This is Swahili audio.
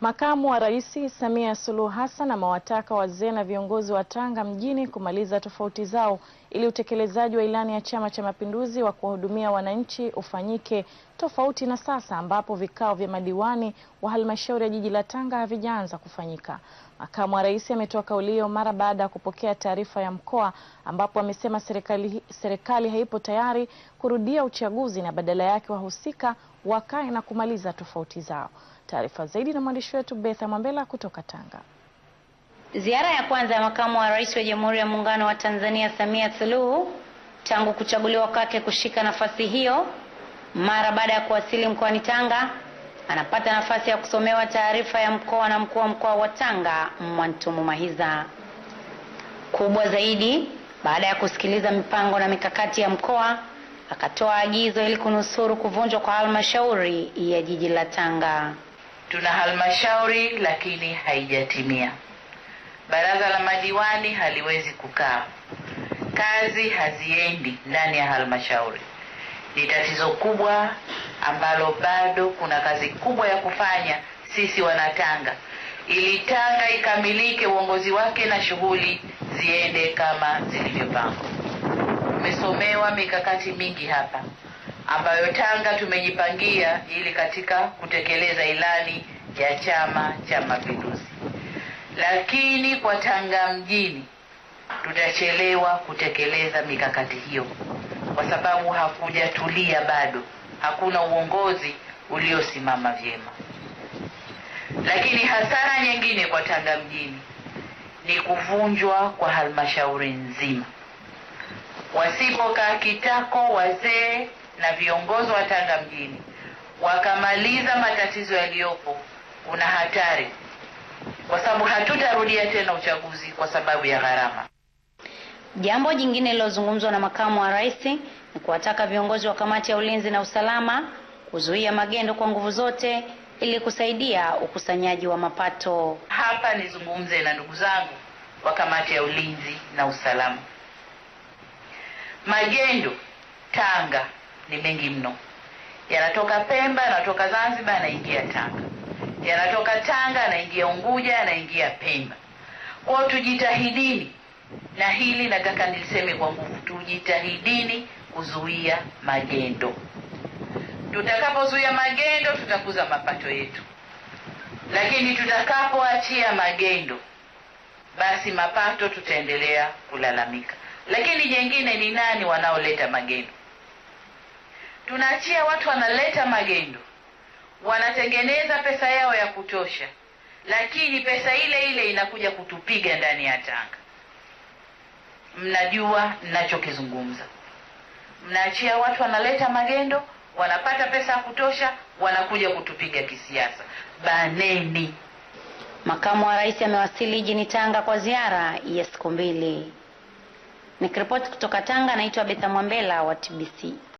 Makamu wa Rais Samia Suluhu Hassan amewataka wazee na viongozi wa Tanga mjini kumaliza tofauti zao ili utekelezaji wa ilani ya Chama cha Mapinduzi wa kuwahudumia wananchi ufanyike, tofauti na sasa ambapo vikao vya madiwani wa halmashauri ya jiji la Tanga havijaanza kufanyika. Makamu wa rais ametoa kauli hiyo mara baada ya kupokea taarifa ya mkoa ambapo amesema serikali, serikali haipo tayari kurudia uchaguzi na badala yake wahusika wakae na kumaliza tofauti zao. Taarifa zaidi na mwandishi wetu Betha Mwambela kutoka Tanga. Ziara ya kwanza ya makamu wa rais wa Jamhuri ya Muungano wa Tanzania Samia Suluhu tangu kuchaguliwa kwake kushika nafasi hiyo mara baada ya kuwasili mkoani Tanga anapata nafasi ya kusomewa taarifa ya mkoa na mkuu wa mkoa wa Tanga Mwantumu Mahiza. Kubwa zaidi, baada ya kusikiliza mipango na mikakati ya mkoa, akatoa agizo ili kunusuru kuvunjwa kwa halmashauri ya jiji la Tanga. Tuna halmashauri lakini haijatimia, baraza la madiwani haliwezi kukaa, kazi haziendi ndani ya halmashauri. Ni tatizo kubwa ambalo bado kuna kazi kubwa ya kufanya sisi wanatanga, ili Tanga ikamilike uongozi wake na shughuli ziende kama zilivyopangwa. Tumesomewa mikakati mingi hapa ambayo Tanga tumejipangia ili katika kutekeleza ilani ya Chama cha Mapinduzi, lakini kwa Tanga mjini tutachelewa kutekeleza mikakati hiyo kwa sababu hakujatulia bado hakuna uongozi uliosimama vyema. Lakini hasara nyingine kwa Tanga mjini ni kuvunjwa kwa halmashauri nzima. Wasipokaa kitako wazee na viongozi wa Tanga mjini wakamaliza matatizo yaliyopo, kuna hatari, kwa sababu hatutarudia tena uchaguzi kwa sababu ya gharama. Jambo jingine lilozungumzwa na makamu wa rais ni kuwataka viongozi wa kamati ya ulinzi na usalama kuzuia magendo kwa nguvu zote ili kusaidia ukusanyaji wa mapato. Hapa nizungumze na ndugu zangu wa kamati ya ulinzi na usalama. Magendo Tanga ni mengi mno, yanatoka Pemba, yanatoka Zanzibar, yanaingia Tanga, yanatoka Tanga yanaingia Unguja, yanaingia Pemba. Kwao tujitahidini na hili nataka niliseme kwa nguvu, tujitahidini kuzuia magendo. Tutakapozuia magendo, tutakuza mapato yetu, lakini tutakapoachia magendo, basi mapato tutaendelea kulalamika. Lakini jengine ni nani wanaoleta magendo? Tunaachia watu wanaleta magendo, wanatengeneza pesa yao ya kutosha, lakini pesa ile ile inakuja kutupiga ndani ya Tanga mnajua ninachokizungumza. Mnaachia watu wanaleta magendo, wanapata pesa ya kutosha, wanakuja kutupiga kisiasa. Baneni. Makamu wa Rais amewasili jini Tanga kwa ziara ya siku mbili. Nikiripoti kutoka Tanga, naitwa Betha Mwambela wa TBC.